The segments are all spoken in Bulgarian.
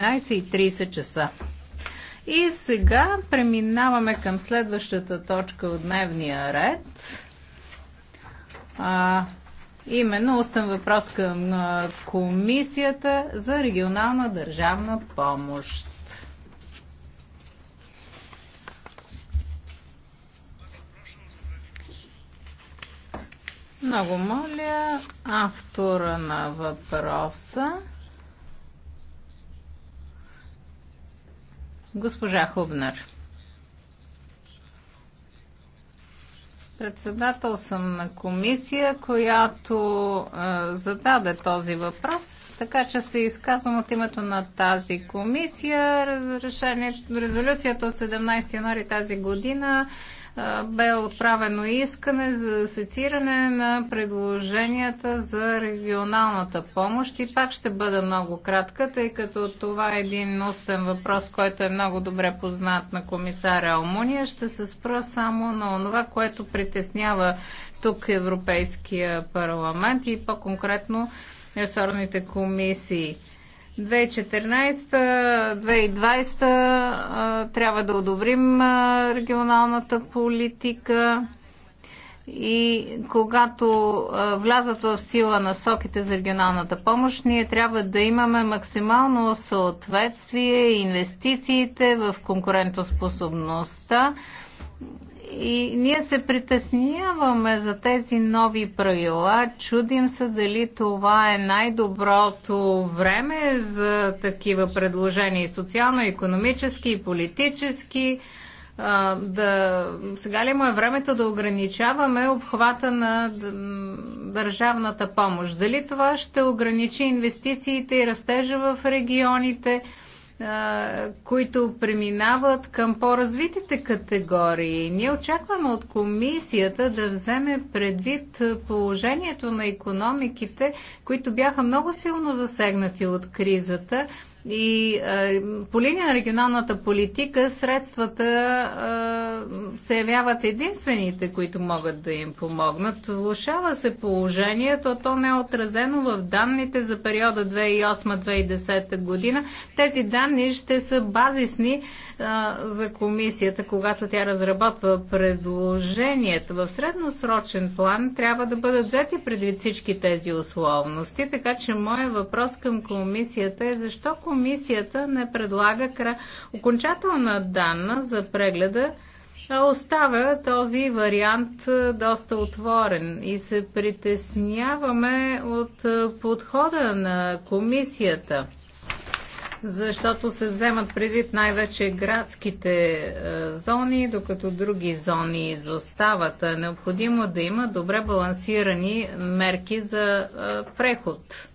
11.30 часа. И сега преминаваме към следващата точка от дневния ред. А, именно устен въпрос към Комисията за регионална държавна помощ. Много моля автора на въпроса Госпожа Хубнар. Председател съм на комисия, която е, зададе този въпрос, така че се изказвам от името на тази комисия. Решение, резолюцията от 17 януари тази година бе отправено искане за асоцииране на предложенията за регионалната помощ и пак ще бъда много кратка, тъй като това е един устен въпрос, който е много добре познат на комисаря Алмуния. Ще се спра само на това, което притеснява тук Европейския парламент и по-конкретно ресорните комисии. 2014-2020 трябва да одобрим регионалната политика и когато влязат в сила насоките за регионалната помощ, ние трябва да имаме максимално съответствие инвестициите в конкурентоспособността и ние се притесняваме за тези нови правила. Чудим се дали това е най-доброто време за такива предложения и социално-економически, и политически. да, сега ли му е времето да ограничаваме обхвата на държавната помощ? Дали това ще ограничи инвестициите и растежа в регионите? които преминават към по-развитите категории. Ние очакваме от комисията да вземе предвид положението на економиките, които бяха много силно засегнати от кризата и а, е, по линия на регионалната политика средствата а, е, се явяват единствените, които могат да им помогнат. Влушава се положението, то не е отразено в данните за периода 2008-2010 година. Тези данни ще са базисни за комисията, когато тя разработва предложението. В средносрочен план трябва да бъдат взети предвид всички тези условности, така че моят въпрос към комисията е защо комисията не предлага кра... окончателна данна за прегледа оставя този вариант доста отворен и се притесняваме от подхода на комисията защото се вземат предвид най-вече градските е, зони, докато други зони изостават. Е необходимо да има добре балансирани мерки за е, преход.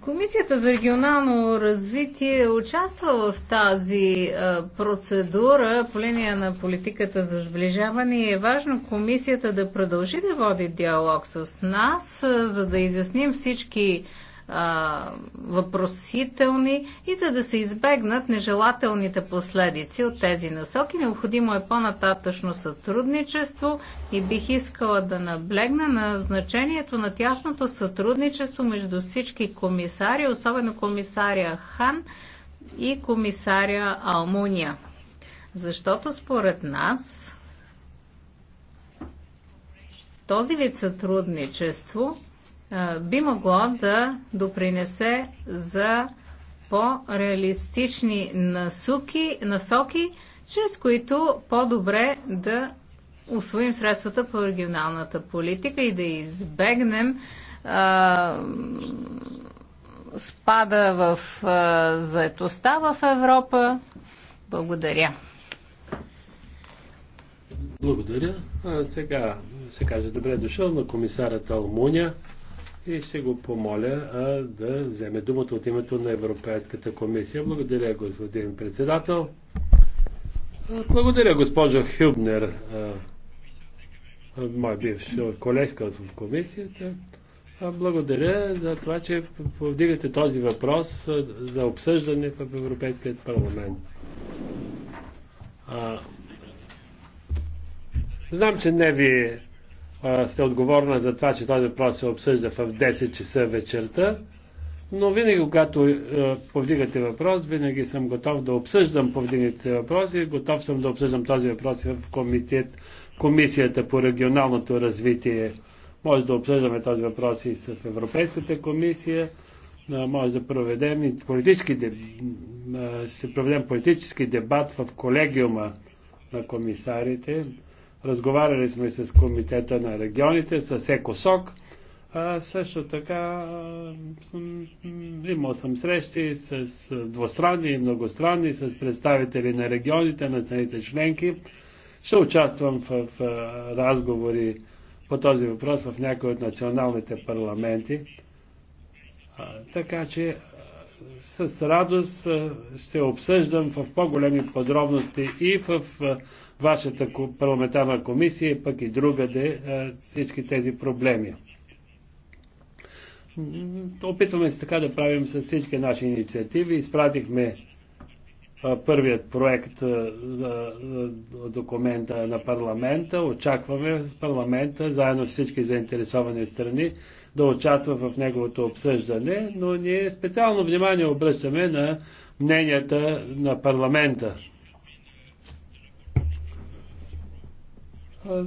Комисията за регионално развитие участва в тази е, процедура по линия на политиката за сближаване и е важно комисията да продължи да води диалог с нас, за да изясним всички а, въпросителни и за да се избегнат нежелателните последици от тези насоки. Необходимо е по-нататъчно сътрудничество и бих искала да наблегна на значението на тясното сътрудничество между всички комисари, особено комисаря Хан и комисаря Алмуния. Защото според нас този вид сътрудничество би могло да допринесе за по-реалистични насоки, насоки, чрез които по-добре да освоим средствата по регионалната политика и да избегнем а, спада в а, заетостта в Европа. Благодаря. Благодаря. А сега се каже добре е дошъл на комисарата Алмуня и ще го помоля а, да вземе думата от името на Европейската комисия. Благодаря, господин председател. Благодаря, госпожо Хюбнер, мой бивш колежка в комисията. Благодаря за това, че повдигате този въпрос за обсъждане в Европейският парламент. Знам, че не ви сте отговорна за това, че този въпрос се обсъжда в 10 часа вечерта, но винаги, когато е, повдигате въпрос, винаги съм готов да обсъждам повдигнатите въпроси, готов съм да обсъждам този въпрос в комитет, Комисията по регионалното развитие. Може да обсъждаме този въпрос и с Европейската комисия, може да проведем и политически, ще проведем политически дебат в колегиума на комисарите, Разговаряли сме с Комитета на регионите, с ЕКОСОК. А, също така съм, имал съм срещи с двустранни и многостранни, с представители на регионите, на страните членки. Ще участвам в, в разговори по този въпрос в някои от националните парламенти. А, така че с радост ще обсъждам в по-големи подробности и в вашата парламентарна комисия, пък и другаде всички тези проблеми. Опитваме се така да правим с всички наши инициативи. Изпратихме първият проект за документа на парламента. Очакваме парламента, заедно с всички заинтересовани страни, да участва в неговото обсъждане, но ние специално внимание обръщаме на мненията на парламента.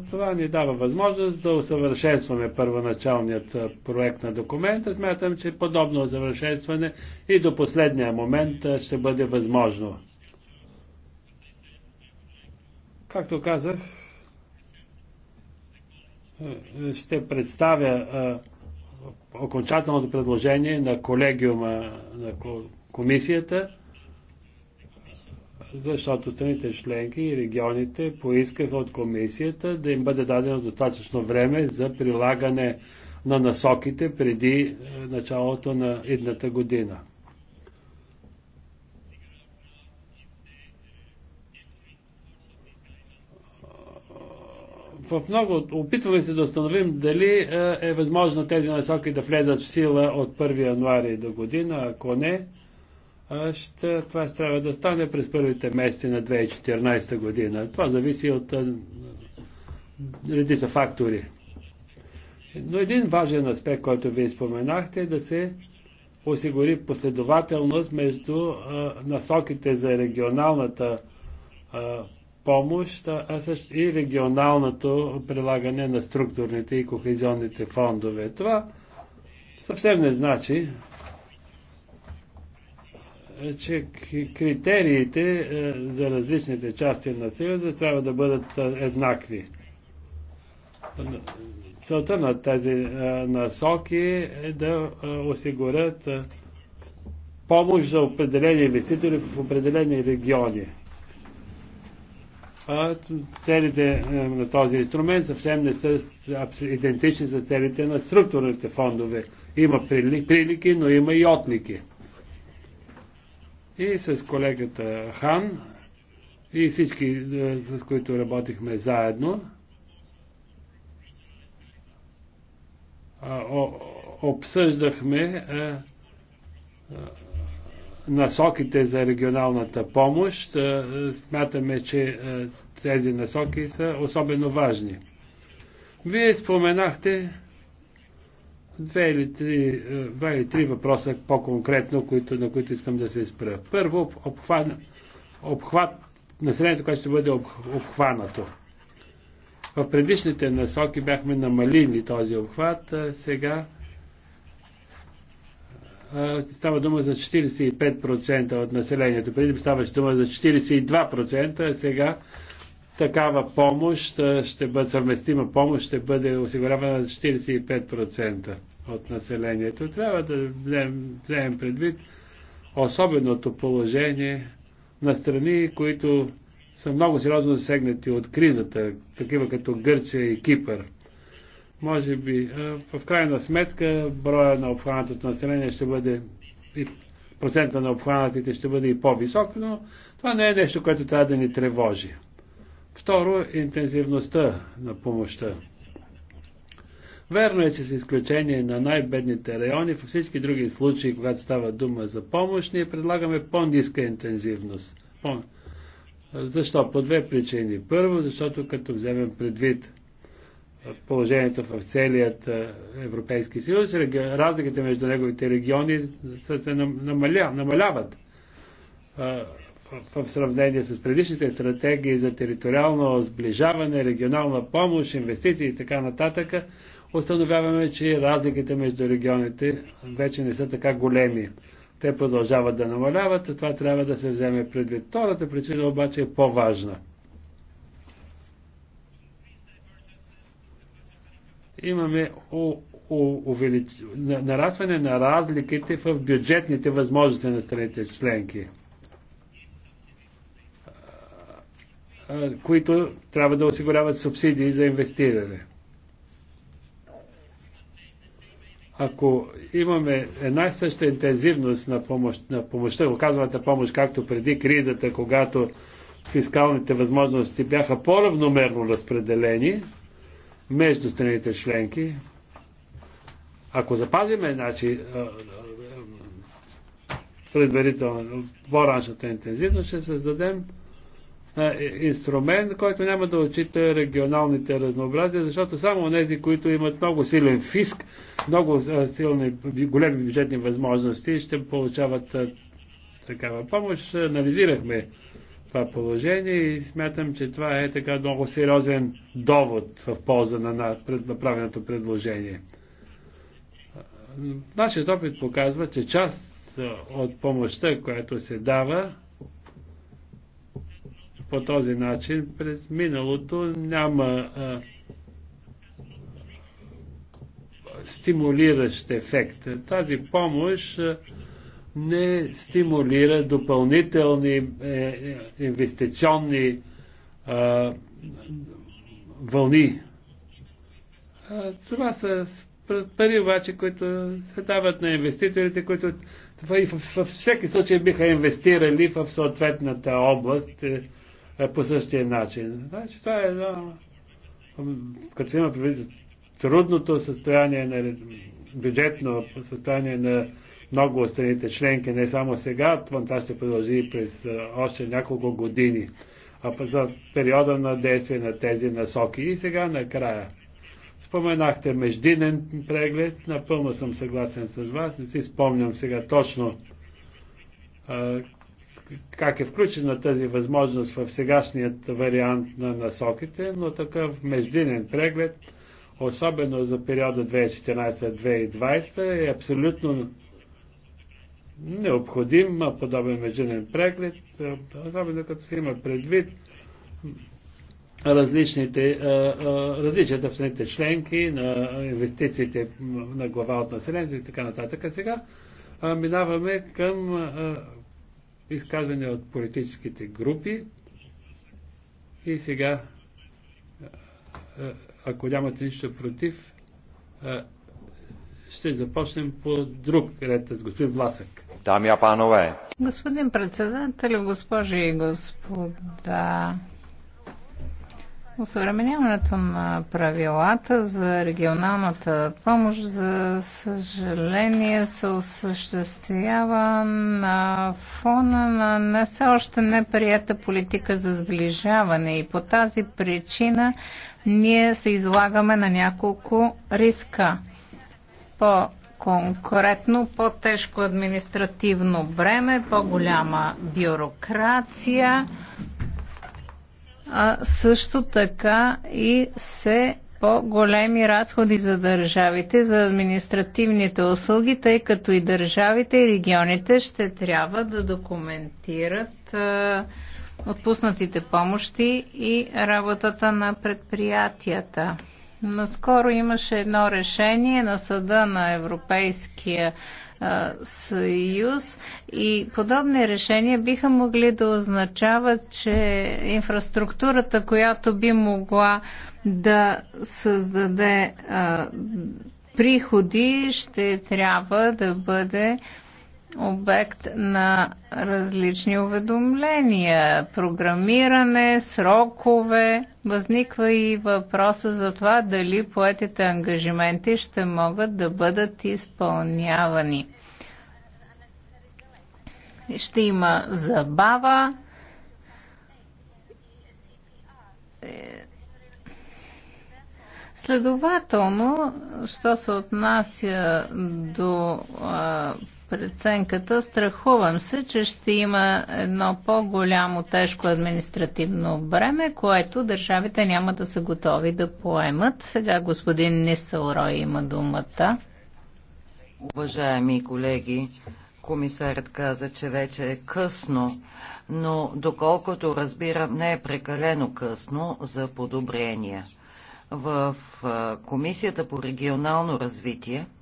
Това ни дава възможност да усъвършенстваме първоначалният проект на документа. Смятам, че подобно усъвършенстване и до последния момент ще бъде възможно. Както казах, е, е, ще представя окончателното предложение на колегиума на комисията защото страните членки и регионите поискаха от комисията да им бъде дадено достатъчно време за прилагане на насоките преди е, началото на едната година. в много опитваме се да установим дали е, е възможно тези насоки да влезат в сила от 1 януари до година, ако не, ще, това ще трябва да стане през първите месеци на 2014 година. Това зависи от редица фактори. Но един важен аспект, който вие споменахте, е да се осигури последователност между а, насоките за регионалната а, помощ а също и регионалното прилагане на структурните и кохезионните фондове. Това съвсем не значи, е, че критериите е, за различните части на Съюза трябва да бъдат е, еднакви. Целта на тези насоки е да осигурят помощ за определени инвеститори в определени региони. Целите на този инструмент съвсем не са идентични с целите на структурните фондове. Има прилики, но има и отлики и с колегата Хан и всички, е, с които работихме заедно. Обсъждахме е, е, насоките за регионалната помощ. Смятаме, че тези насоки са особено важни. Вие споменахте две или три, е, два или три въпроса по-конкретно, които, на които искам да се спра. Първо, обхват, обхват населението, което ще бъде обхванато. В предишните насоки бяхме намалили този обхват, а сега става дума за 45% от населението. Преди ставаше дума за 42%, а сега такава помощ ще бъде, съвместима помощ ще бъде осигурявана 45% от населението. Трябва да вземем, вземем предвид особеното положение на страни, които са много сериозно засегнати от кризата, такива като Гърция и Кипър. Може би, в крайна сметка, броя на обхванатото население ще бъде и процента на обхванатите ще бъде и по-висок, но това не е нещо, което трябва да ни тревожи. Второ, интензивността на помощта. Верно е, че с изключение на най-бедните райони, във всички други случаи, когато става дума за помощ, ние предлагаме по-ниска интензивност. По... Защо? По две причини. Първо, защото като вземем предвид положението в целият Европейски съюз, разликите между неговите региони се намаля, намаляват в сравнение с предишните стратегии за териториално сближаване, регионална помощ, инвестиции и така нататък, установяваме, че разликите между регионите вече не са така големи. Те продължават да намаляват, а това трябва да се вземе предвид. Втората причина обаче е по-важна. Имаме увелич... нарастване на разликите в бюджетните възможности на страните членки. които трябва да осигуряват субсидии за инвестиране. Ако имаме една и съща интензивност на, помощ, на помощта, оказваната помощ, както преди кризата, когато фискалните възможности бяха по-равномерно разпределени между страните членки, ако запазиме значи, предварително по-раншата интензивност, ще създадем е, е, инструмент, който няма да отчита регионалните разнообразия, защото само тези, които имат много силен фиск, много е, силни, големи бюджетни възможности, ще получават такава помощ. Анализирахме това положение и смятам, че това е така много сериозен довод в полза на направеното предложение. Нашият опит показва, че част от помощта, която се дава, по този начин през миналото няма а, стимулиращ ефект. Тази помощ а, не стимулира допълнителни е, е инвестиционни а, вълни. А, това са пари обаче, които се дават на инвеститорите, които във, във всеки случай биха инвестирали в съответната област е, е, по същия начин. Значи това е едно, като има предвид трудното състояние на бюджетно състояние на много от страните членки, не само сега, това ще продължи и през още няколко години, а за периода на действие на тези насоки. И сега накрая. Споменахте междинен преглед, напълно съм съгласен с вас, не си спомням сега точно как е включена тази възможност в сегашният вариант на насоките, но такъв междинен преглед, особено за периода 2014-2020, е абсолютно необходим подобен междинен преглед, е, особено като се има предвид различните, е, е, различията в страните членки на инвестициите на глава от населението и така нататък. сега минаваме към изказване от политическите групи. И сега, ако нямате нищо против, ще започнем по друг ред с господин Власък. Дами и панове. Господин председател, госпожи и господа, Осъвременяването на правилата за регионалната помощ, за съжаление, се осъществява на фона на не все още неприята политика за сближаване и по тази причина ние се излагаме на няколко риска. По конкретно по-тежко административно бреме, по-голяма бюрокрация, а също така и се по-големи разходи за държавите, за административните услуги, тъй като и държавите и регионите ще трябва да документират отпуснатите помощи и работата на предприятията. Наскоро имаше едно решение на Съда на Европейския съюз и подобни решения биха могли да означават, че инфраструктурата, която би могла да създаде приходи, ще трябва да бъде обект на различни уведомления, програмиране, срокове. Възниква и въпроса за това дали поетите ангажименти ще могат да бъдат изпълнявани. Ще има забава. Следователно, що се отнася до а, преценката. Страхувам се, че ще има едно по-голямо тежко административно бреме, което държавите няма да са готови да поемат. Сега господин Нисълрой има думата. Уважаеми колеги, комисарът каза, че вече е късно, но доколкото разбирам, не е прекалено късно за подобрения. В Комисията по регионално развитие –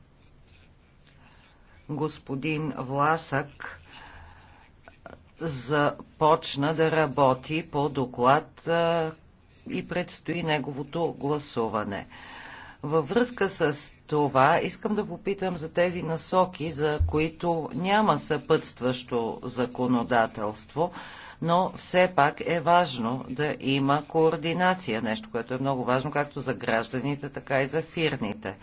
господин Власък започна да работи по доклад и предстои неговото гласуване. Във връзка с това искам да попитам за тези насоки, за които няма съпътстващо законодателство, но все пак е важно да има координация, нещо, което е много важно както за гражданите, така и за фирмите.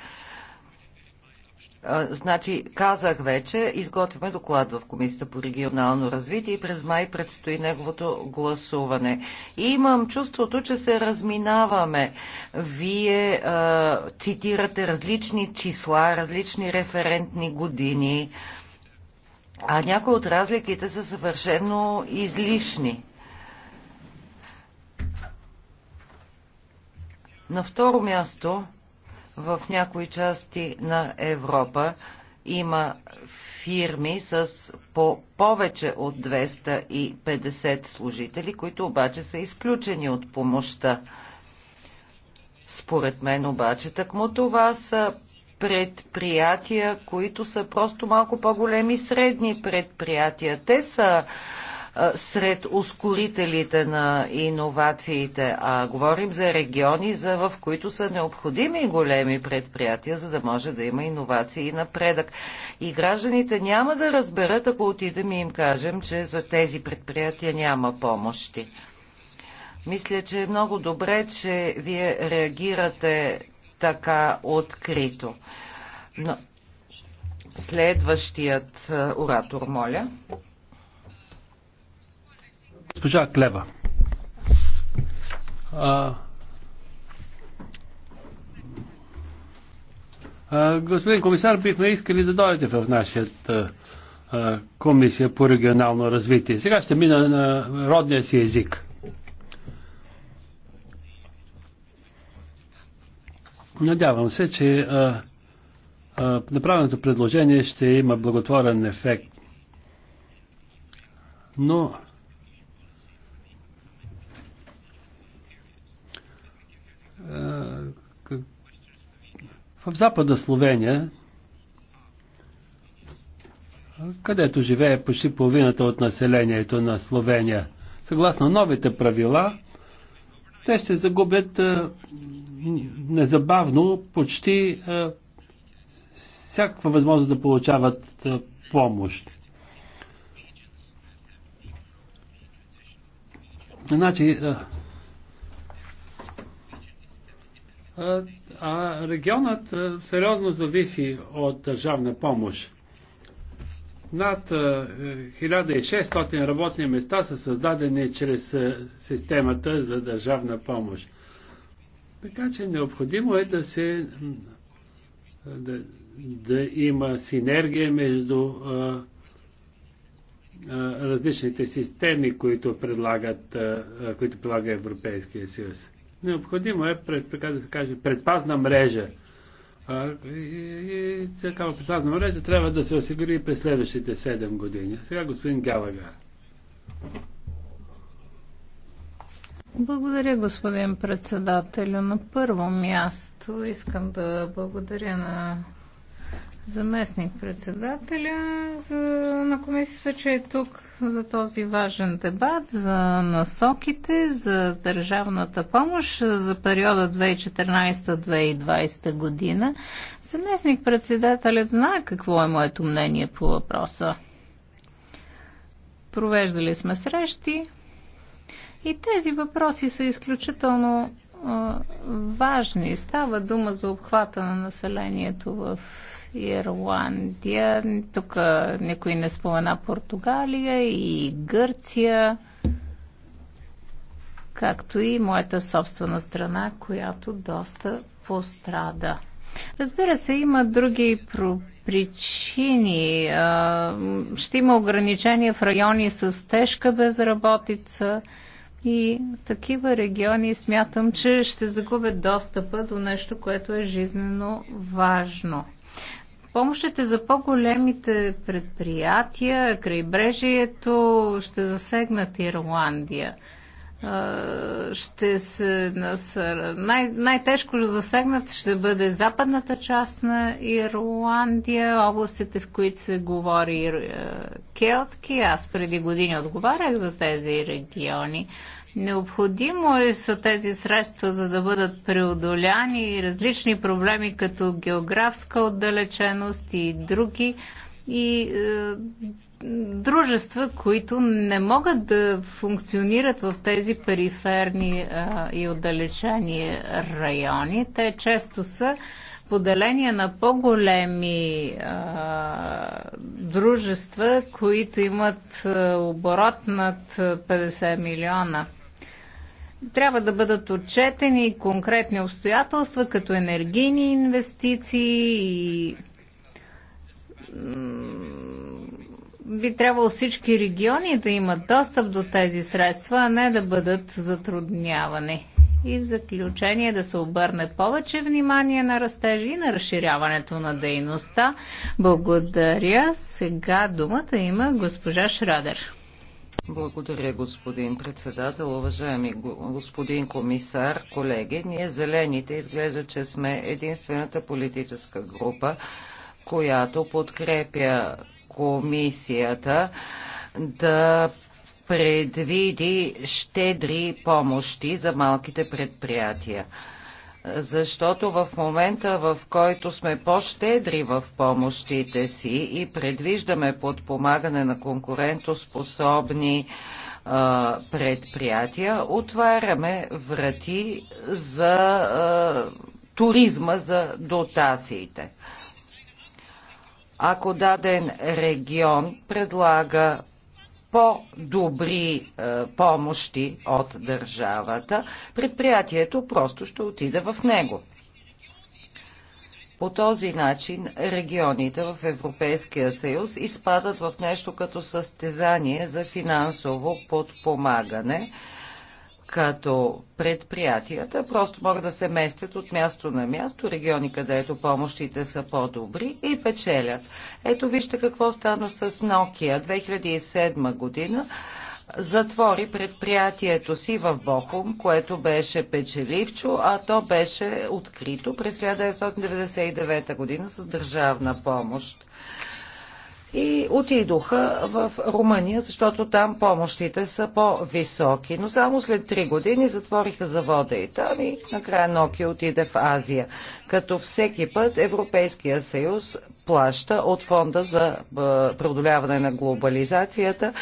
Значи, казах вече, изготвяме доклад в Комисията по регионално развитие и през май предстои неговото гласуване. И имам чувството, че се разминаваме. Вие а, цитирате различни числа, различни референтни години, а някои от разликите са съвършено излишни. На второ място, в някои части на Европа има фирми с по повече от 250 служители, които обаче са изключени от помощта. Според мен обаче такмо това са предприятия, които са просто малко по-големи средни предприятия. Те са сред ускорителите на иновациите, а говорим за региони, за в които са необходими големи предприятия, за да може да има иновации и напредък. И гражданите няма да разберат, ако отидем и им кажем, че за тези предприятия няма помощи. Мисля, че е много добре, че вие реагирате така открито. Но следващият оратор, моля. Госпожа Клева. А, а, господин комисар, бихме искали да дойдете в нашата комисия по регионално развитие. Сега ще мина на родния си език. Надявам се, че а, а, направеното предложение ще има благотворен ефект. Но В запада Словения, където живее почти половината от населението на Словения, съгласно новите правила, те ще загубят незабавно почти всякаква възможност да получават помощ. Значи, а регионът е, сериозно зависи от държавна помощ. Над 1600 е, работни места са създадени чрез е, системата за държавна помощ. Така че необходимо е да се да, да има синергия между а, а, различните системи, които предлагат, а, които предлага Европейския съюз. Необходимо е, пред, така да се каже, предпазна мрежа. А, и, и такава предпазна мрежа трябва да се осигури през следващите 7 години. Сега господин Галагар. Благодаря, господин председателю. На първо място искам да благодаря на заместник-председателя за, на комисията, че е тук за този важен дебат за насоките за държавната помощ за периода 2014-2020 година. Заместник-председателят знае какво е моето мнение по въпроса. Провеждали сме срещи и тези въпроси са изключително важни. Става дума за обхвата на населението в Ирландия, тук никой не спомена Португалия и Гърция, както и моята собствена страна, която доста пострада. Разбира се, има други причини. Ще има ограничения в райони с тежка безработица и такива региони смятам, че ще загубят достъпа до нещо, което е жизненно важно. Помощите за по-големите предприятия, крайбрежието ще засегнат Ирландия. Ще се насър... Най- най-тежко засегнат ще бъде западната част на Ирландия, областите, в които се говори е, келтски. Аз преди години отговарях за тези региони. Необходимо е са тези средства, за да бъдат преодоляни различни проблеми, като географска отдалеченост и други, и е, дружества, които не могат да функционират в тези периферни е, и отдалечени райони. Те често са поделения на по-големи е, дружества, които имат а, е, оборот над 50 е, милиона трябва да бъдат отчетени конкретни обстоятелства, като енергийни инвестиции и би трябвало всички региони да имат достъп до тези средства, а не да бъдат затруднявани. И в заключение да се обърне повече внимание на растежа и на разширяването на дейността. Благодаря. Сега думата има госпожа Шрадер. Благодаря, господин председател, уважаеми господин комисар, колеги. Ние зелените изглежда, че сме единствената политическа група, която подкрепя комисията да предвиди щедри помощи за малките предприятия защото в момента, в който сме по-щедри в помощите си и предвиждаме подпомагане на конкурентоспособни предприятия, отваряме врати за а, туризма, за дотациите. Ако даден регион предлага по-добри е, помощи от държавата, предприятието просто ще отиде в него. По този начин регионите в Европейския съюз изпадат в нещо като състезание за финансово подпомагане – като предприятията просто могат да се местят от място на място, региони, където помощите са по-добри и печелят. Ето вижте какво стана с Nokia 2007 година. Затвори предприятието си в Бохум, което беше печеливчо, а то беше открито през 1999 година с държавна помощ и отидоха в Румъния, защото там помощите са по-високи. Но само след три години затвориха завода и там и накрая Nokia отиде в Азия. Като всеки път Европейския съюз плаща от фонда за е, преодоляване на глобализацията е,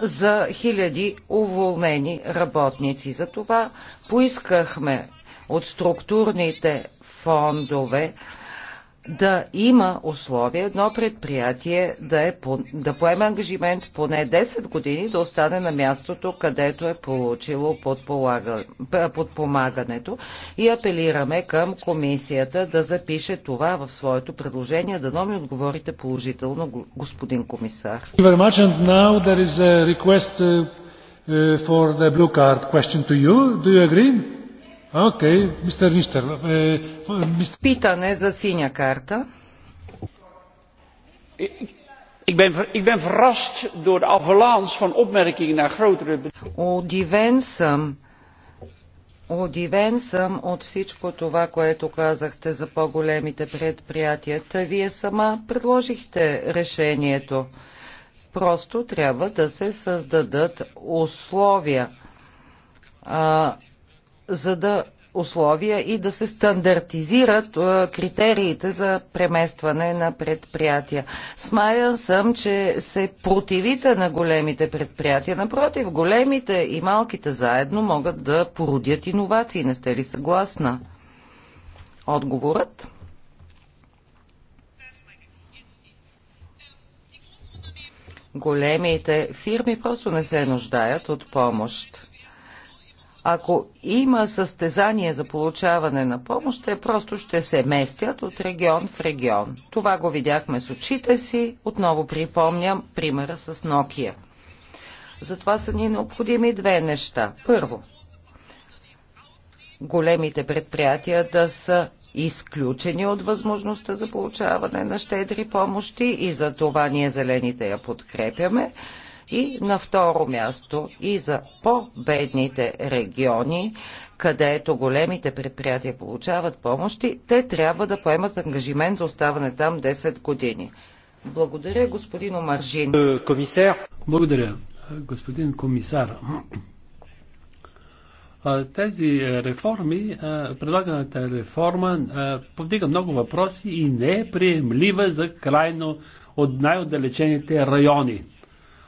за хиляди уволнени работници. Затова поискахме от структурните фондове да има условия едно предприятие да, е, да поеме ангажимент поне 10 години да остане на мястото, където е получило подпомагането и апелираме към комисията да запише това в своето предложение. Дано ми отговорите положително, господин комисар. Uh, uh, for the blue card question to you, do you agree? мистер Нищер. Е, Питане за синя карта. Ik ben, ik ben verrast door de avalanche van opmerkingen naar grotere Удивен съм. Удивен съм от всичко това, което казахте за по-големите предприятията. Вие сама предложихте решението. Просто трябва да се създадат условия. А, за да условия и да се стандартизират критериите за преместване на предприятия. Смаян съм, че се противите на големите предприятия. Напротив, големите и малките заедно могат да породят иновации. Не сте ли съгласна? Отговорът? Големите фирми просто не се нуждаят от помощ ако има състезание за получаване на помощ, те просто ще се местят от регион в регион. Това го видяхме с очите си. Отново припомням примера с Nokia. Затова са ни необходими две неща. Първо, големите предприятия да са изключени от възможността за получаване на щедри помощи и за това ние зелените я подкрепяме. И на второ място и за по-бедните региони, където големите предприятия получават помощи, те трябва да поемат ангажимент за оставане там 10 години. Благодаря, господин Омаржин. Благодаря, господин комисар. Тези реформи, предлаганата реформа повдига много въпроси и не е приемлива за крайно от най-отдалечените райони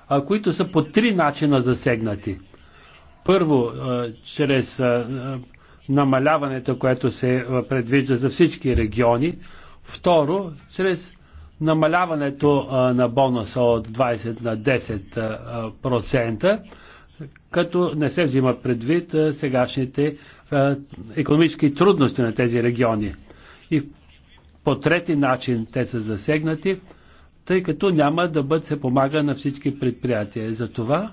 а, които са по три начина засегнати. Първо, а, чрез а, намаляването, което се предвижда за всички региони. Второ, чрез намаляването а, на бонуса от 20 на 10 а, процента, като не се взима предвид а, сегашните а, економически трудности на тези региони. И по трети начин те са засегнати тъй като няма да бъде се помага на всички предприятия. Затова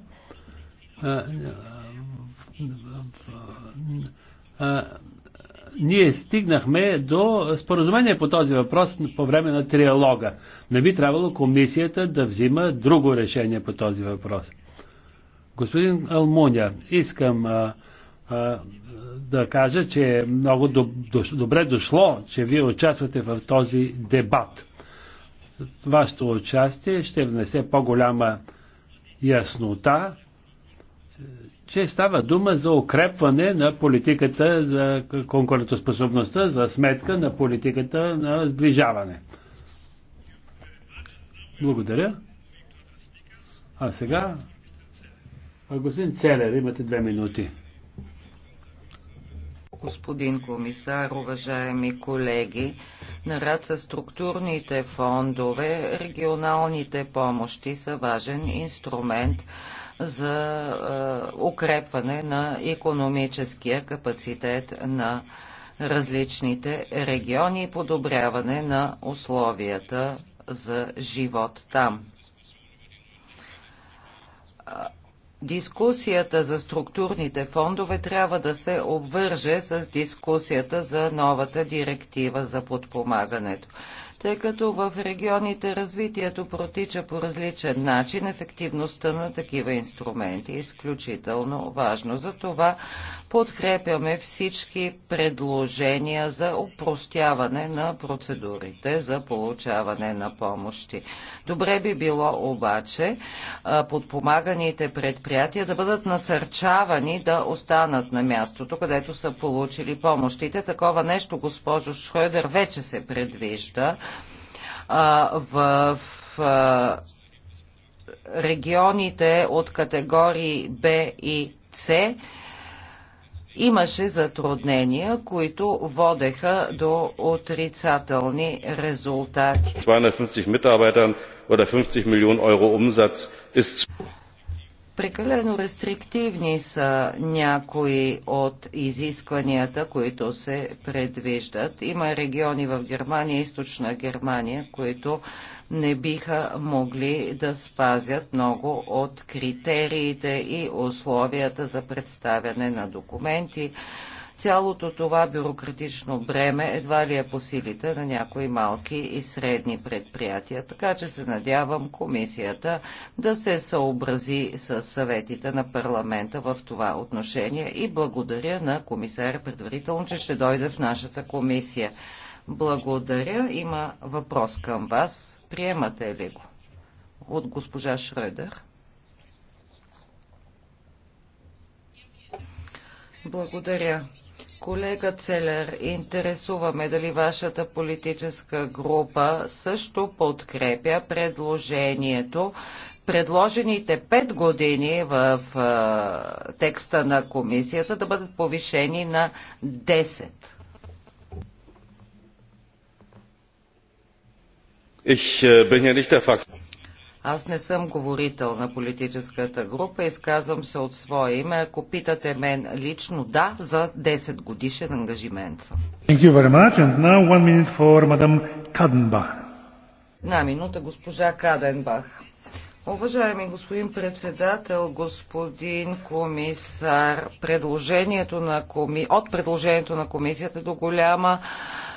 ние стигнахме до споразумение по този въпрос по време на триалога. Не би трябвало комисията да взима друго решение по този въпрос. Господин Алмуня, искам а, а, да кажа, че е много доб, добре дошло, че вие участвате в този дебат. Вашето участие ще внесе по-голяма яснота, че става дума за укрепване на политиката за конкурентоспособността за сметка на политиката на сближаване. Благодаря. А сега, господин Целер, имате две минути господин комисар, уважаеми колеги. Наред с структурните фондове, регионалните помощи са важен инструмент за е, укрепване на економическия капацитет на различните региони и подобряване на условията за живот там дискусията за структурните фондове трябва да се обвърже с дискусията за новата директива за подпомагането. Тъй като в регионите развитието протича по различен начин, ефективността на такива инструменти е изключително важно. Затова подкрепяме всички предложения за упростяване на процедурите за получаване на помощи. Добре би било обаче подпомаганите предприятия да бъдат насърчавани да останат на мястото, където са получили помощите. Такова нещо, госпожо Шройдер, вече се предвижда в регионите от категории Б и С имаше затруднения, които водеха до отрицателни резултати. 250 mitarbeitern oder 50 Millionen евро Umsatz ist Прекалено рестриктивни са някои от изискванията, които се предвиждат. Има региони в Германия, източна Германия, които не биха могли да спазят много от критериите и условията за представяне на документи, Цялото това бюрократично бреме едва ли е по силите на някои малки и средни предприятия, така че се надявам комисията да се съобрази с съветите на парламента в това отношение и благодаря на комисаря предварително, че ще дойде в нашата комисия. Благодаря. Има въпрос към вас. Приемате ли го? От госпожа Шредер. Благодаря. Колега Целер, интересуваме дали вашата политическа група също подкрепя предложението предложените 5 години в а, текста на комисията да бъдат повишени на 10. Ich bin hier nicht der Fraktion. Аз не съм говорител на политическата група, изказвам се от своя име. Ако питате мен лично, да, за 10 годишен ангажимент съм. На минута госпожа Каденбах. Уважаеми господин председател, господин комисар, предложението на коми... от предложението на комисията до голяма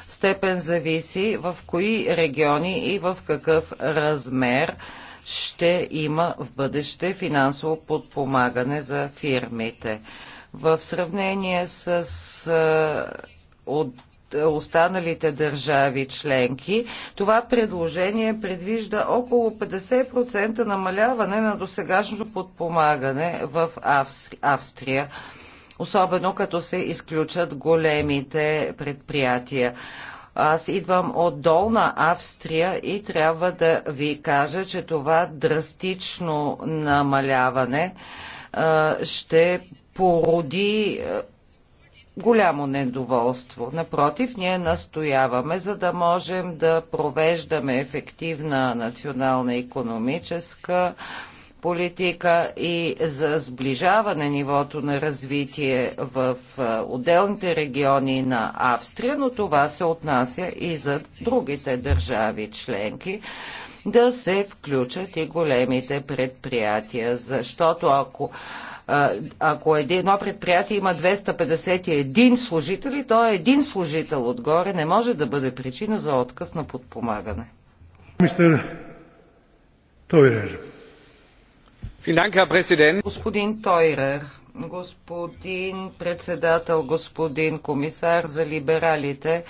степен зависи в кои региони и в какъв размер ще има в бъдеще финансово подпомагане за фирмите. В сравнение с от останалите държави членки. Това предложение предвижда около 50% намаляване на досегашното подпомагане в Австрия, особено като се изключат големите предприятия. Аз идвам от Долна Австрия и трябва да ви кажа, че това драстично намаляване ще породи голямо недоволство. Напротив, ние настояваме, за да можем да провеждаме ефективна национална економическа а, политика и за сближаване нивото на развитие в отделните региони на Австрия, но това се отнася и за другите държави членки да се включат и големите предприятия, защото ако ако едно предприятие има 251 служители, то е един служител отгоре не може да бъде причина за отказ на подпомагане. Мистер Тойрер. Господин Тойрер, господин председател, господин комисар за либералите,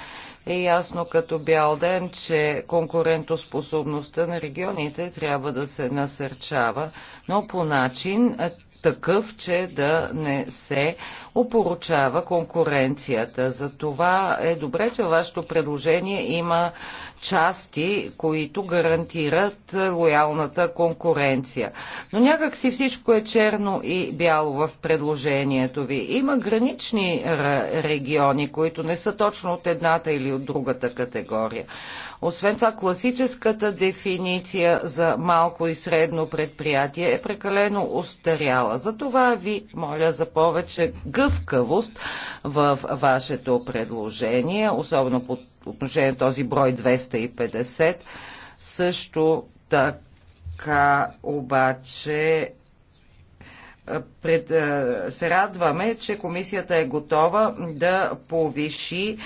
е ясно като бял ден, че конкурентоспособността на регионите трябва да се насърчава, но по начин, такъв, че да не се опоручава конкуренцията. За това е добре, че вашето предложение има части, които гарантират лоялната конкуренция. Но някак си всичко е черно и бяло в предложението ви. Има гранични региони, които не са точно от едната или от другата категория. Освен това, класическата дефиниция за малко и средно предприятие е прекалено устаряла. Затова ви моля за повече гъвкавост в вашето предложение, особено по отношение на този брой 250. Също така обаче пред, се радваме, че комисията е готова да повиши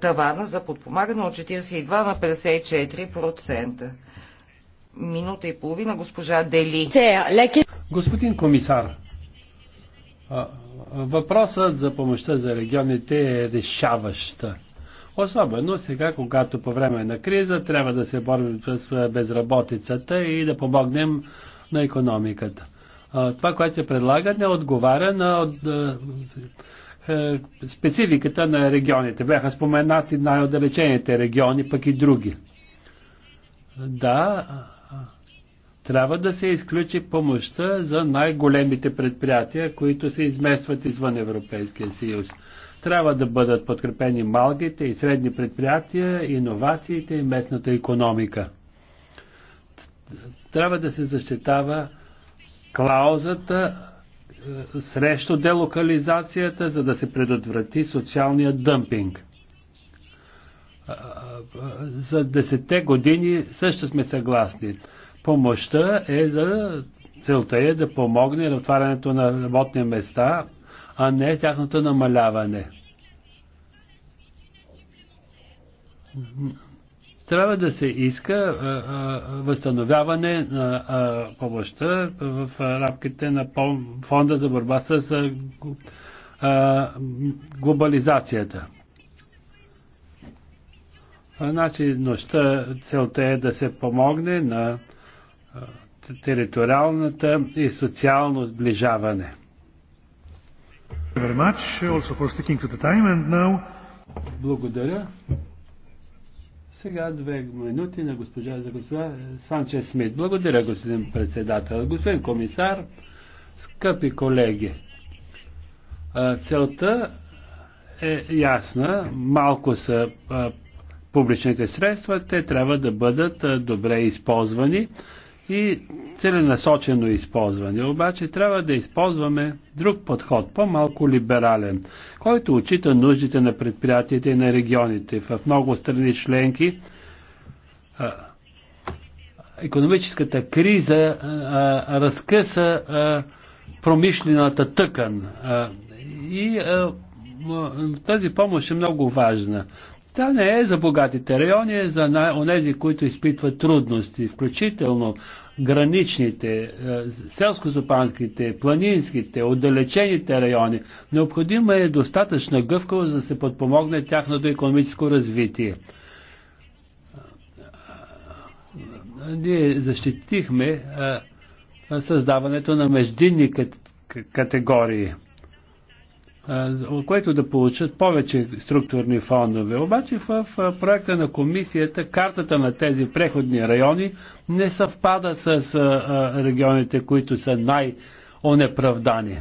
тавана за подпомагане от 42 на 54%. Минута и половина, госпожа Дели. Господин комисар, въпросът за помощта за регионите е решаваща. Особено сега, когато по време на криза трябва да се борим с безработицата и да помогнем на економиката това, което се предлага, не отговаря на е, спецификата на регионите. Бяха споменати най-отдалечените региони, пък и други. Да, трябва да се изключи помощта за най-големите предприятия, които се изместват извън Европейския съюз. Трябва да бъдат подкрепени малките и средни предприятия, иновациите и местната економика. Трябва да се защитава клаузата е, срещу делокализацията, за да се предотврати социалния дъмпинг. Е, е, за десете години също сме съгласни. Помощта е за целта е да помогне на отварянето на работни места, а не тяхното намаляване трябва да се иска а, а, възстановяване на помощта в рамките на фонда за борба с а, а, глобализацията. А, значи нощта целта е да се помогне на териториалната и социално сближаване. Благодаря. Сега две минути на госпожа за госпожа е, Санче Смит. Благодаря, господин председател. Господин комисар, скъпи колеги, целта е ясна. Малко са публичните средства, те трябва да бъдат добре използвани и целенасочено използване. Обаче трябва да използваме друг подход, по-малко либерален, който отчита нуждите на предприятията и на регионите. В много страни членки економическата криза а, разкъса а, промишлената тъкан. А, и а, тази помощ е много важна. Тя не е за богатите райони, е за най- онези, които изпитват трудности, включително граничните, е, селско-стопанските, планинските, отдалечените райони. Необходима е достатъчна гъвкавост, за да се подпомогне тяхното економическо развитие. Ние защитихме е, е, създаването на междинни категории – от което да получат повече структурни фондове. Обаче в проекта на комисията картата на тези преходни райони не съвпада с регионите, които са най-онеправдани.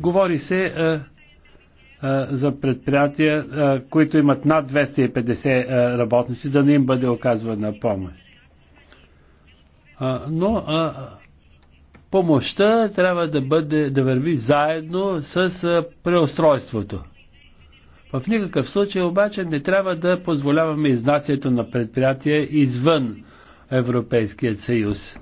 Говори се за предприятия, които имат над 250 работници, да не им бъде оказвана помощ. Но помощта трябва да, бъде, да върви заедно с преустройството. В никакъв случай обаче не трябва да позволяваме изнасянето на предприятия извън Европейският съюз.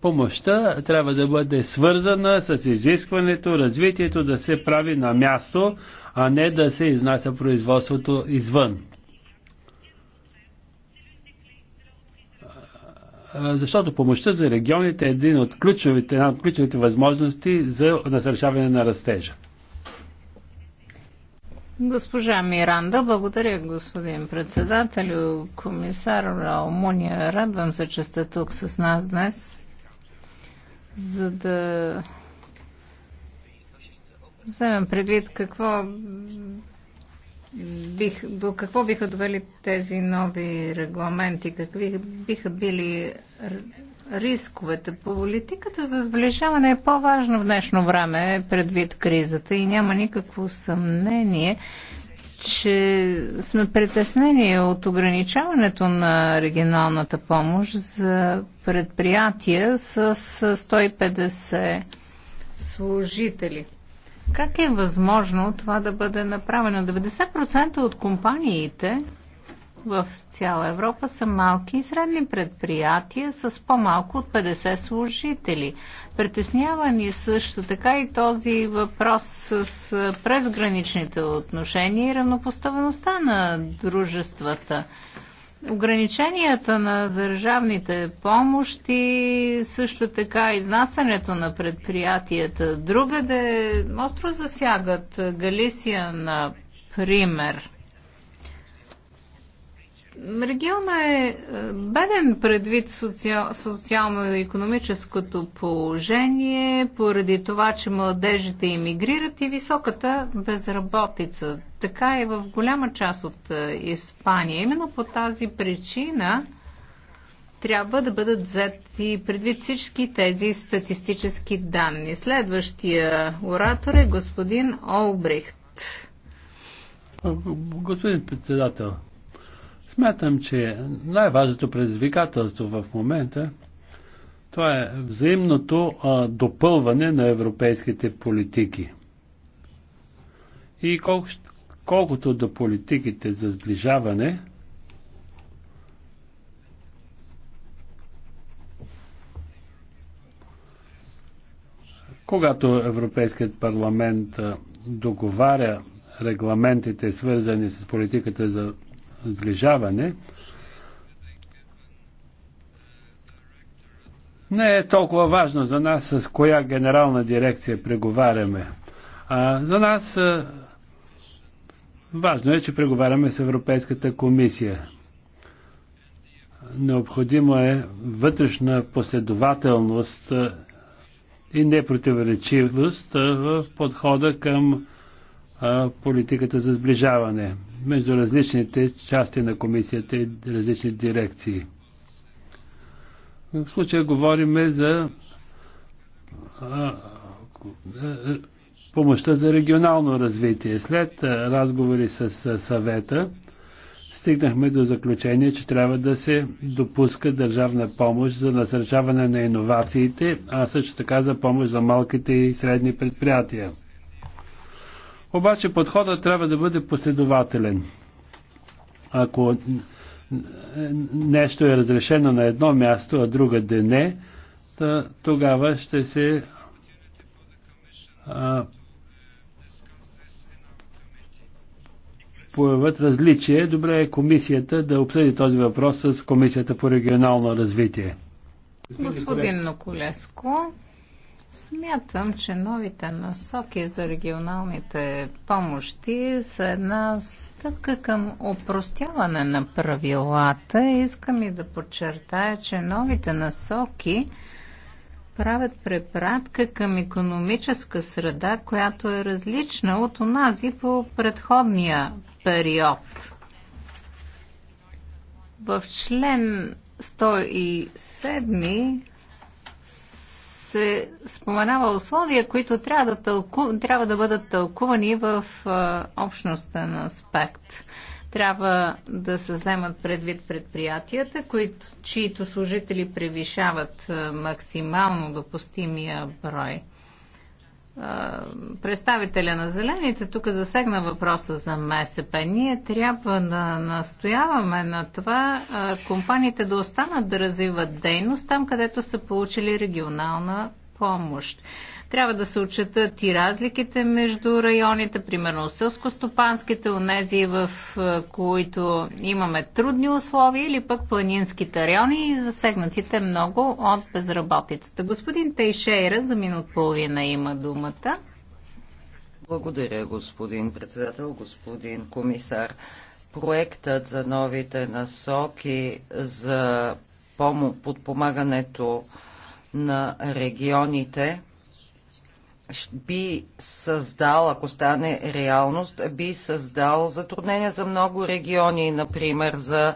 Помощта трябва да бъде свързана с изискването, развитието да се прави на място, а не да се изнася производството извън. защото помощта за регионите е един от ключовите, една от ключовите възможности за насърчаване на растежа. Госпожа Миранда, благодаря господин председател, комисар Алмуния. Радвам се, че сте тук с нас днес, за да вземем предвид какво бих, до какво биха довели тези нови регламенти? Какви биха били рисковете? Политиката за сближаване е по-важна в днешно време предвид кризата и няма никакво съмнение, че сме притеснени от ограничаването на регионалната помощ за предприятия с 150 служители. Как е възможно това да бъде направено? 90% от компаниите в цяла Европа са малки и средни предприятия с по-малко от 50 служители. Притеснява ни също така и този въпрос с презграничните отношения и равнопоставеността на дружествата. Ограниченията на държавните помощи, също така изнасянето на предприятията другаде, остро засягат Галисия, например. Региона е, е беден предвид социал, социално-економическото положение, поради това, че младежите иммигрират и високата безработица. Така е в голяма част от е, Испания. Именно по тази причина трябва да бъдат взети предвид всички тези статистически данни. Следващия оратор е господин Олбрихт. Господин председател, Смятам, че най-важното предизвикателство в момента това е взаимното а, допълване на европейските политики. И колко, колкото до политиките за сближаване, когато Европейският парламент договаря регламентите, свързани с политиката за сближаване не е толкова важно за нас с коя генерална дирекция преговаряме. А, за нас а, важно е, че преговаряме с Европейската комисия. Необходимо е вътрешна последователност и непротиворечивост в подхода към политиката за сближаване между различните части на комисията и различни дирекции. В случая говорим за е, е, помощта за регионално развитие. След разговори с съвета стигнахме до заключение, че трябва да се допуска държавна помощ за насърчаване на иновациите, а също така за помощ за малките и средни предприятия. Обаче подходът трябва да бъде последователен. Ако нещо е разрешено на едно място, а друга де не, тогава ще се появят различия. Добре е комисията да обсъди този въпрос с комисията по регионално развитие. Господин Николеско. Смятам, че новите насоки за регионалните помощи са една стъпка към опростяване на правилата. Искам и да подчертая, че новите насоки правят препратка към економическа среда, която е различна от онази по предходния период. В член 107 се споменава условия, които трябва да, тълку... трябва да бъдат тълкувани в а, общностен аспект. Трябва да се вземат предвид предприятията, които, чието служители превишават максимално допустимия брой представителя на зелените тук засегна въпроса за МСП. Ние трябва да настояваме на това компаниите да останат да развиват дейност там, където са получили регионална помощ. Трябва да се отчетат и разликите между районите, примерно сълскостопанските, онези в е, които имаме трудни условия или пък планинските райони и засегнатите много от безработицата. Господин Тейшейра за минут половина има думата. Благодаря, господин председател, господин комисар. Проектът за новите насоки за подпомагането на регионите би създал, ако стане реалност, би създал затруднения за много региони, например за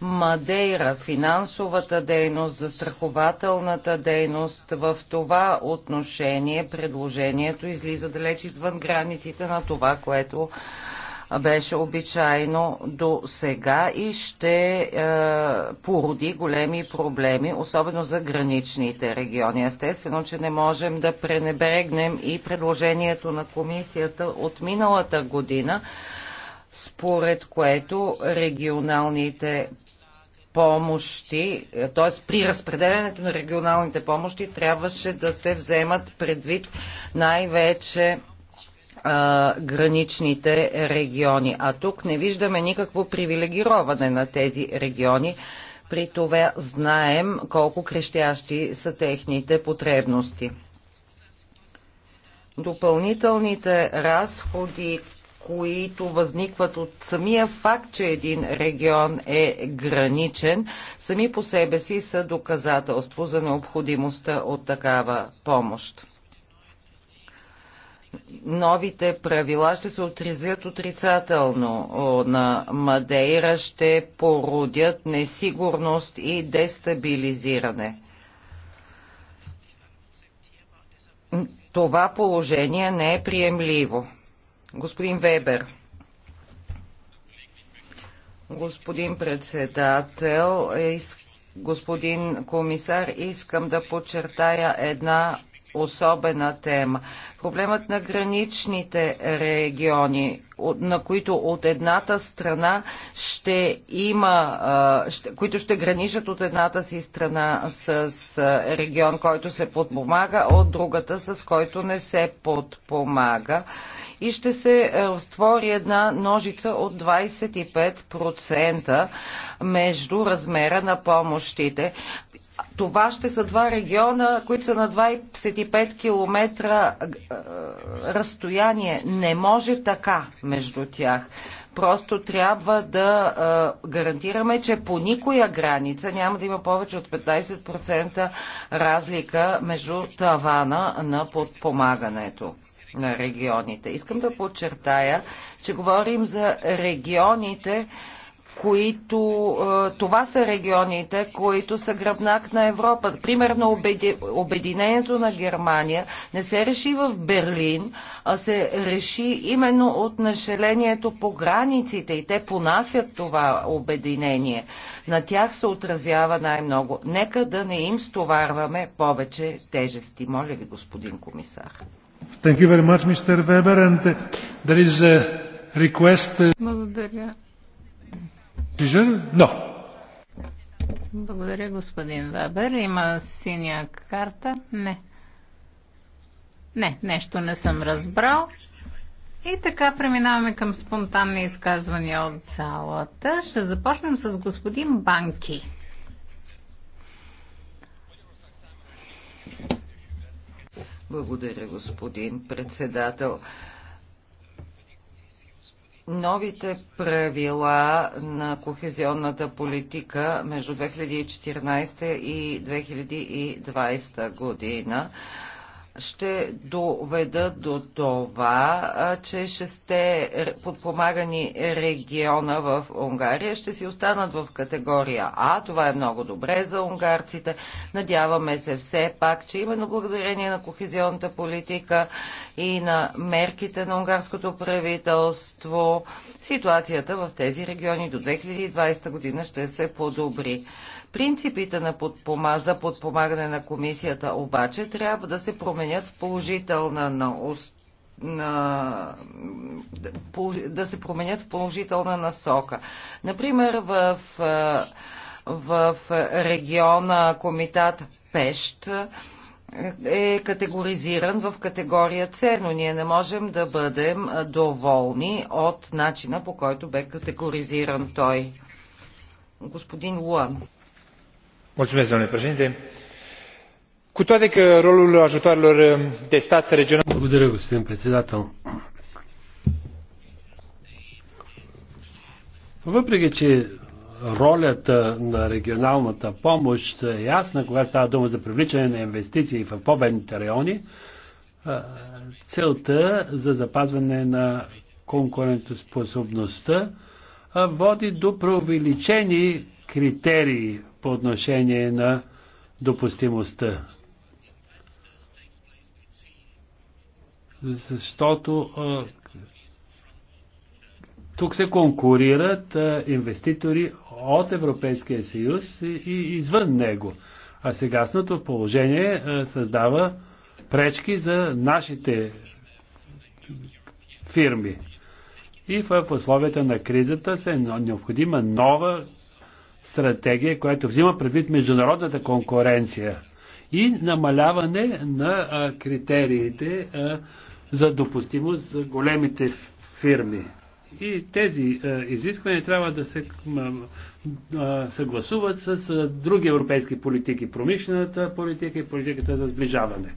Мадейра, финансовата дейност, застрахователната дейност. В това отношение предложението излиза далеч извън границите на това, което беше обичайно до сега и ще е, породи големи проблеми, особено за граничните региони. Естествено, че не можем да пренебрегнем и предложението на комисията от миналата година, според което регионалните помощи, е, т.е. при разпределянето на регионалните помощи трябваше да се вземат предвид най-вече а, граничните региони. А тук не виждаме никакво привилегироване на тези региони. При това знаем колко крещящи са техните потребности. Допълнителните разходи, които възникват от самия факт, че един регион е граничен, сами по себе си са доказателство за необходимостта от такава помощ новите правила ще се отрезят отрицателно на Мадейра, ще породят несигурност и дестабилизиране. Това положение не е приемливо. Господин Вебер. Господин председател, е господин комисар, искам да подчертая една особена тема. Проблемът на граничните региони, на които от едната страна ще има, които ще граничат от едната си страна с регион, който се подпомага, от другата с който не се подпомага и ще се разтвори е, една ножица от 25% между размера на помощите. Това ще са два региона, които са на 25 км е, разстояние. Не може така между тях. Просто трябва да е, гарантираме, че по никоя граница няма да има повече от 15% разлика между тавана на подпомагането на регионите. Искам да подчертая, че говорим за регионите, които, е, това са регионите, които са гръбнак на Европа. Примерно обединението на Германия не се реши в Берлин, а се реши именно от населението по границите и те понасят това обединение. На тях се отразява най-много. Нека да не им стоварваме повече тежести. Моля ви, господин комисар. Thank you very much, Mr. Weber. And there is a request. Uh, Благодаря. No. Благодаря, господин Вебер. Има синя карта? Не. Не, нещо не съм разбрал. И така преминаваме към спонтанни изказвания от залата. Ще започнем с господин Банки. Благодаря, господин председател. Новите правила на кохезионната политика между 2014 и 2020 година ще доведат до това, че шесте подпомагани региона в Унгария ще си останат в категория А. Това е много добре за унгарците. Надяваме се все пак, че именно благодарение на кохезионната политика и на мерките на унгарското правителство ситуацията в тези региони до 2020 година ще се подобри. Принципите на подпома... за подпомагане на комисията обаче трябва да се променят в положителна на на, да се променят в положителна насока. Например, в, в региона Комитат Пещ е категоризиран в категория С, но ние не можем да бъдем доволни от начина по който бе категоризиран той. Господин Луан cu toate că rolul ajutoarelor um, de stat regionale. Благодаря, господин председател. Въпреки, че ролята на регионалната помощ е ясна, когато става дума за привличане на инвестиции в победните райони, целта за запазване на конкурентоспособността води до преувеличени критерии по отношение на допустимостта. Защото а, тук се конкурират а, инвеститори от Европейския съюз и, и извън него. А сегашното положение а, създава пречки за нашите фирми. И в условията на кризата се е необходима нова стратегия, която взима предвид международната конкуренция и намаляване на а, критериите а, за допустимост за големите фирми. И тези а, изисквания трябва да се а, съгласуват с а, други европейски политики, промишлената политика и политиката за сближаване.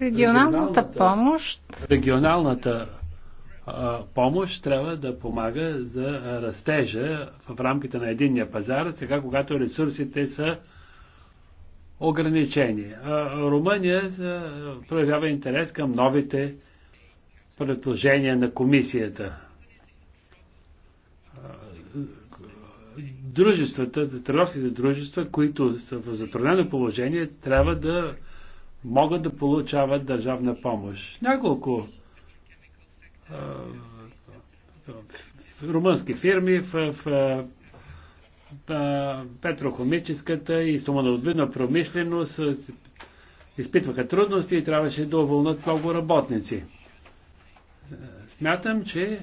Регионалната, регионалната помощ. Регионалната помощ трябва да помага за растежа в рамките на единния пазар, сега когато ресурсите са ограничени. Румъния проявява интерес към новите предложения на комисията. Дружествата, за търговските дружества, които са в затруднено положение, трябва да могат да получават държавна помощ. Няколко румънски фирми в, в петрохомическата и стоманодобивна промишленост изпитваха трудности и трябваше да уволнат много работници. Смятам, че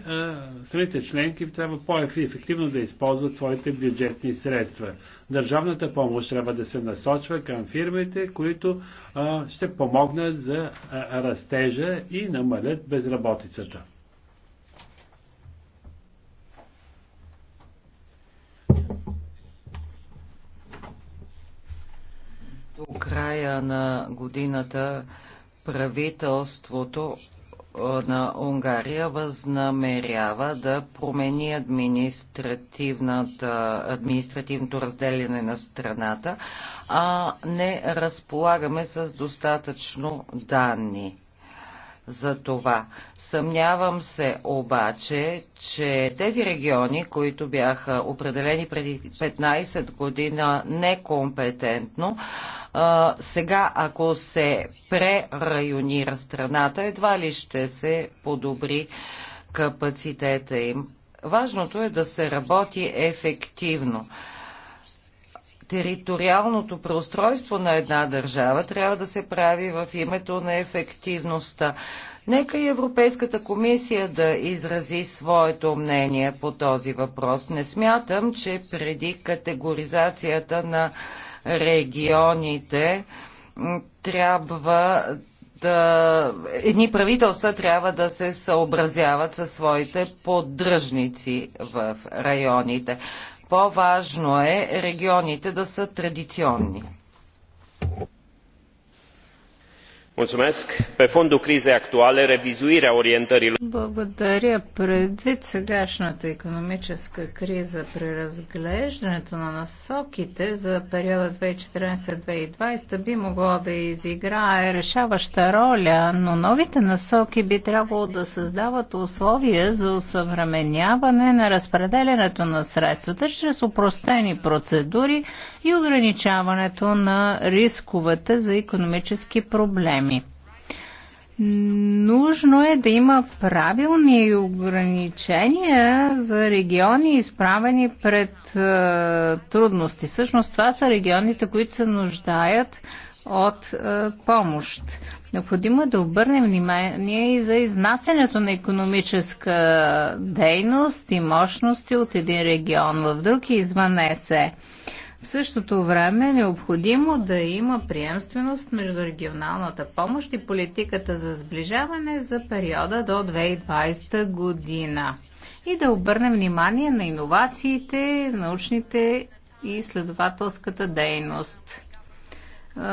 страните членки трябва по-ефективно да използват своите бюджетни средства. Държавната помощ трябва да се насочва към фирмите, които а, ще помогнат за а, растежа и намалят безработицата. До края на годината правителството на Унгария възнамерява да промени административното разделяне на страната, а не разполагаме с достатъчно данни за това. Съмнявам се обаче, че тези региони, които бяха определени преди 15 година некомпетентно, сега, ако се прерайонира страната, едва ли ще се подобри капацитета им. Важното е да се работи ефективно териториалното преустройство на една държава трябва да се прави в името на ефективността. Нека и Европейската комисия да изрази своето мнение по този въпрос. Не смятам, че преди категоризацията на регионите трябва да... Едни правителства трябва да се съобразяват със своите поддръжници в районите. По-важно е регионите да са традиционни. Pe fondul crizei actuale, revizuirea orientărilor... Благодаря. Предвид сегашната економическа криза при разглеждането на насоките за периода 2014-2020 би могло да изиграе решаваща роля, но новите насоки би трябвало да създават условия за усъвременяване на разпределенето на средствата чрез упростени процедури и ограничаването на рисковете за економически проблеми проблеми. Нужно е да има правилни ограничения за региони, изправени пред е, трудности. Всъщност това са регионите, които се нуждаят от е, помощ. Необходимо е да обърнем внимание и за изнасянето на економическа дейност и мощности от един регион в друг и извън ЕСЕ. В същото време е необходимо да има приемственост между регионалната помощ и политиката за сближаване за периода до 2020 година и да обърнем внимание на иновациите, научните и изследователската дейност.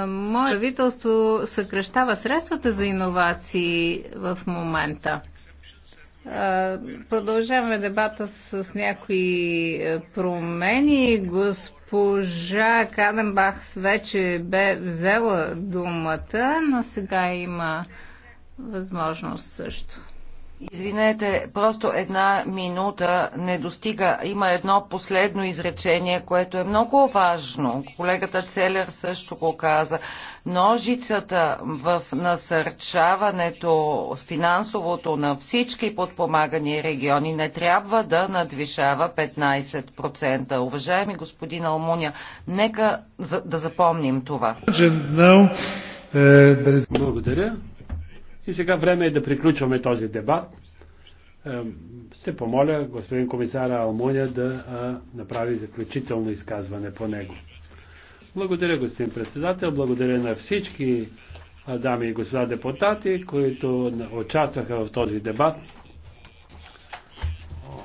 Моето правителство съкръщава средствата за иновации в момента. Продължаваме дебата с някои е, промени. Госпожа Каденбах вече бе взела думата, но сега има възможност също. Извинете, просто една минута не достига. Има едно последно изречение, което е много важно. Колегата Целер също го каза. Ножицата в насърчаването финансовото на всички подпомагани региони не трябва да надвишава 15%. Уважаеми господин Алмуня, нека да запомним това. Uh, Благодаря. И сега време е да приключваме този дебат. Е, ще помоля господин комисара Алмуня да направи заключително изказване по него. Благодаря, господин председател. Благодаря на всички дами и господа депутати, които участваха в този дебат.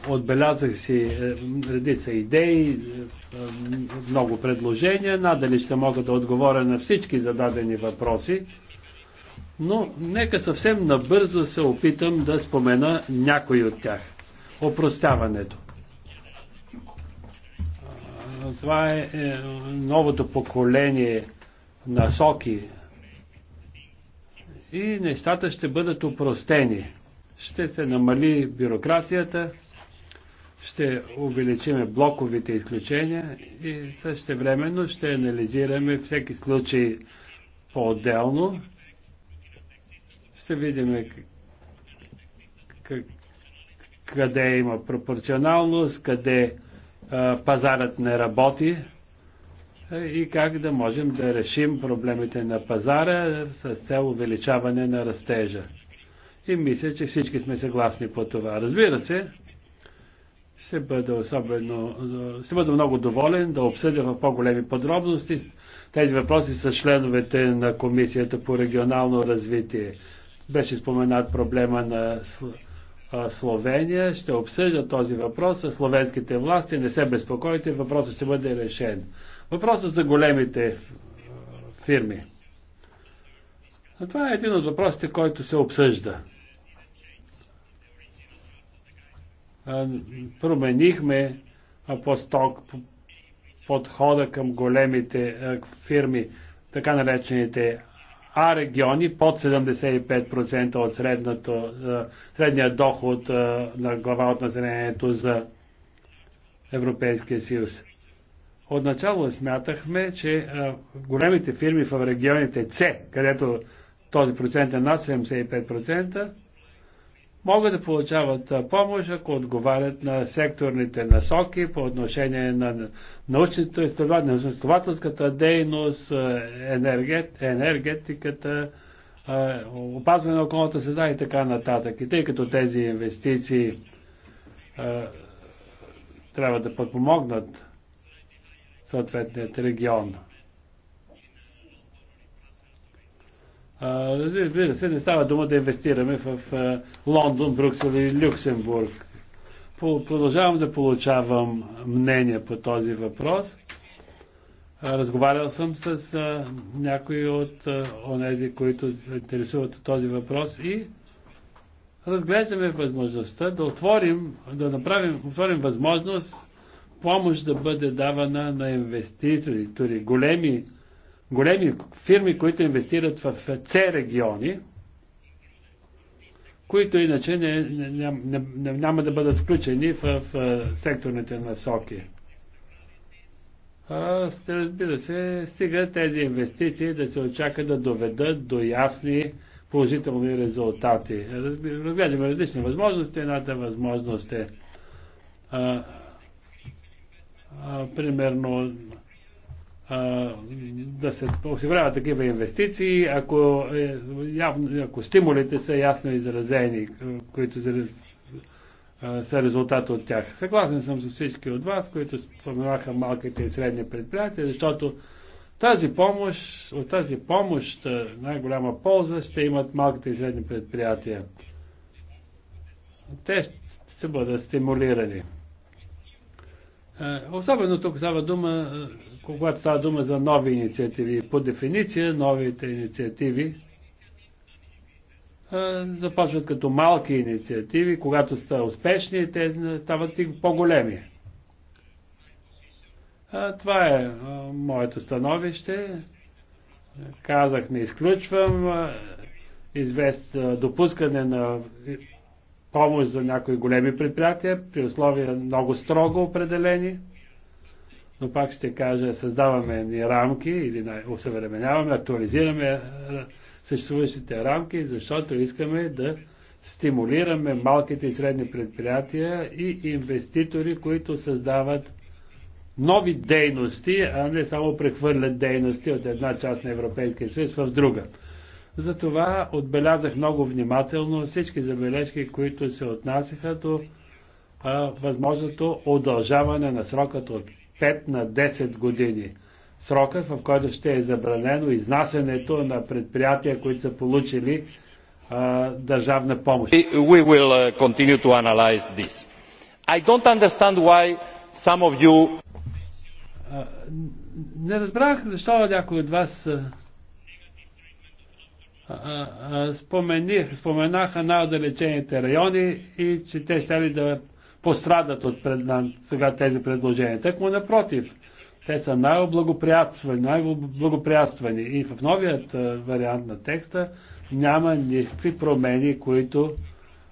Отбелязах си е, редица идеи, е, много предложения. Надали ще мога да отговоря на всички зададени въпроси но нека съвсем набързо се опитам да спомена някой от тях. Опростяването. Това е, е новото поколение насоки и нещата ще бъдат упростени. Ще се намали бюрокрацията, ще увеличиме блоковите изключения и също времено ще анализираме всеки случай по-отделно ще видим къде има пропорционалност, къде а, пазарът не работи и как да можем да решим проблемите на пазара с цел увеличаване на растежа. И мисля, че всички сме съгласни по това. Разбира се, ще бъда особено, ще бъда много доволен да обсъдя в по-големи подробности тези въпроси с членовете на Комисията по регионално развитие. Беше споменат проблема на Словения. Ще обсъжда този въпрос с словенските власти. Не се безпокойте, въпросът ще бъде решен. Въпросът за големите фирми. А това е един от въпросите, който се обсъжда. променихме по-сток подхода към големите фирми, така наречените а региони под 75% от средното, е, средния доход е, на глава от населението за Европейския съюз. Отначало смятахме, че е, големите фирми в регионите С, където този процент е над 75%, могат да получават помощ, ако отговарят на секторните насоки по отношение на научното изследователската дейност, енергет, енергетиката, опазване на околната среда и така нататък. И тъй като тези инвестиции трябва да подпомогнат съответният регион. Разбира се, не става дума да инвестираме в Лондон, Брюксел или Люксембург. Продължавам да получавам мнение по този въпрос. Разговарял съм с някои от онези, които се интересуват от този въпрос и разглеждаме възможността да отворим, да направим, отворим възможност помощ да бъде давана на инвеститори, големи големи фирми, които инвестират в С региони, които иначе не, не, не, не, няма да бъдат включени в, в секторните насоки. А, разбира се, стига тези инвестиции да се очака да доведат до ясни положителни резултати. Разглеждаме различни възможности. Едната възможност е а, а, примерно да се осигуряват такива инвестиции, ако, е, явно, ако стимулите са ясно изразени, е, които е, са резултат от тях. Съгласен съм с всички от вас, които споменаха малките и средни предприятия, защото тази помощ, от тази помощ най-голяма полза ще имат малките и средни предприятия. Те ще бъдат стимулирани. Особено тук става дума когато става дума за нови инициативи. По дефиниция, новите инициативи а, започват като малки инициативи. Когато са успешни, те стават и по-големи. това е а, моето становище. Казах, не изключвам а, извест, допускане на помощ за някои големи предприятия, при условия много строго определени но пак ще кажа, създаваме ни рамки или усъвременяваме, актуализираме съществуващите рамки, защото искаме да стимулираме малките и средни предприятия и инвеститори, които създават нови дейности, а не само прехвърлят дейности от една част на Европейския съюз в друга. Затова отбелязах много внимателно всички забележки, които се отнасяха до а, възможното удължаване на срокът от 5 на 10 години. Срокът, в който ще е забранено изнасянето на предприятия, които са получили а, държавна помощ. We will uh, continue to analyze this. I don't understand why some of you... не разбрах защо някой от вас а, а, спомених, споменаха най-отдалечените райони и че те ще ли да пострадат от пред, на, сега тези предложения. му напротив, те са най-благоприятствани, най-благоприятствани. И в новият вариант на текста няма никакви промени, които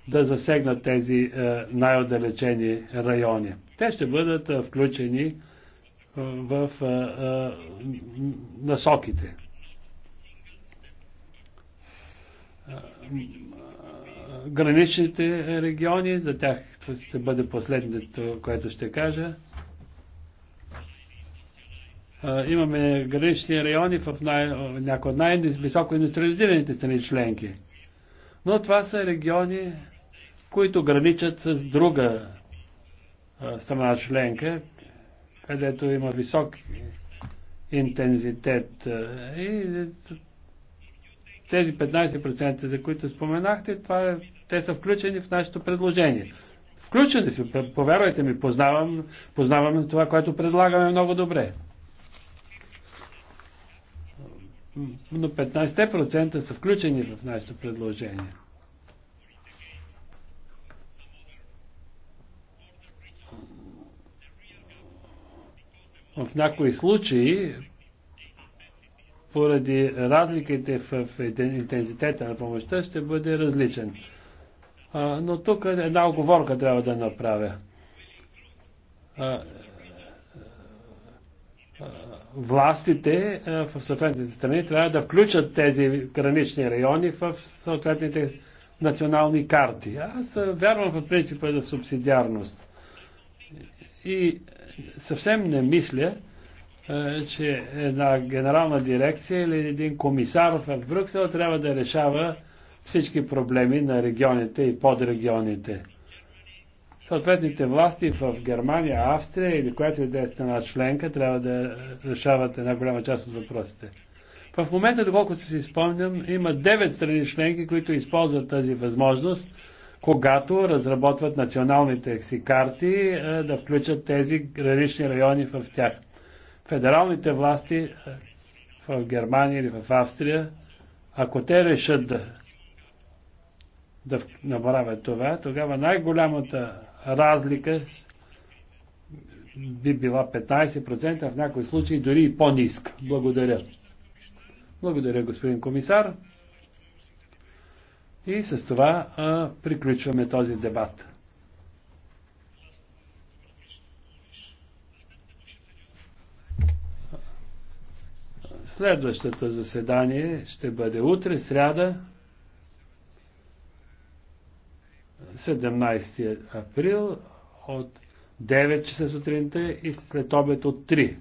да засегнат тези най-отдалечени райони. Те ще бъдат включени в насоките. Граничните региони, за тях ще бъде последното, което ще кажа. Имаме гранични райони в най, някои от най-високо индустриализираните страни членки. Но това са региони, които граничат с друга страна членка, където има висок интензитет. И тези 15%, за които споменахте, това, е, те са включени в нашето предложение. Включени сме, повярвайте ми, познавам, познаваме това, което предлагаме много добре. Но 15% са включени в нашето предложение. В някои случаи, поради разликите в интензитета на помощта, ще бъде различен. А, но тук една оговорка трябва да направя. А, властите в съответните страни трябва да включат тези гранични райони в съответните национални карти. Аз вярвам в принципа за субсидиарност. И съвсем не мисля, че една генерална дирекция или един комисар в Брюксел трябва да решава всички проблеми на регионите и подрегионите. Съответните власти в Германия, Австрия или която и да е страна членка трябва да решават една голяма част от въпросите. В момента, доколкото си спомням, има 9 страни членки, които използват тази възможност, когато разработват националните си карти, е, да включат тези гранични райони в тях. Федералните власти е, в Германия или в Австрия, ако те решат да да направят това, тогава най-голямата разлика би била 15%, в някои случаи дори и по-ниска. Благодаря. Благодаря, господин комисар. И с това а, приключваме този дебат. Следващото заседание ще бъде утре, сряда, 17 април от 9 часа сутринта и след обед от 3.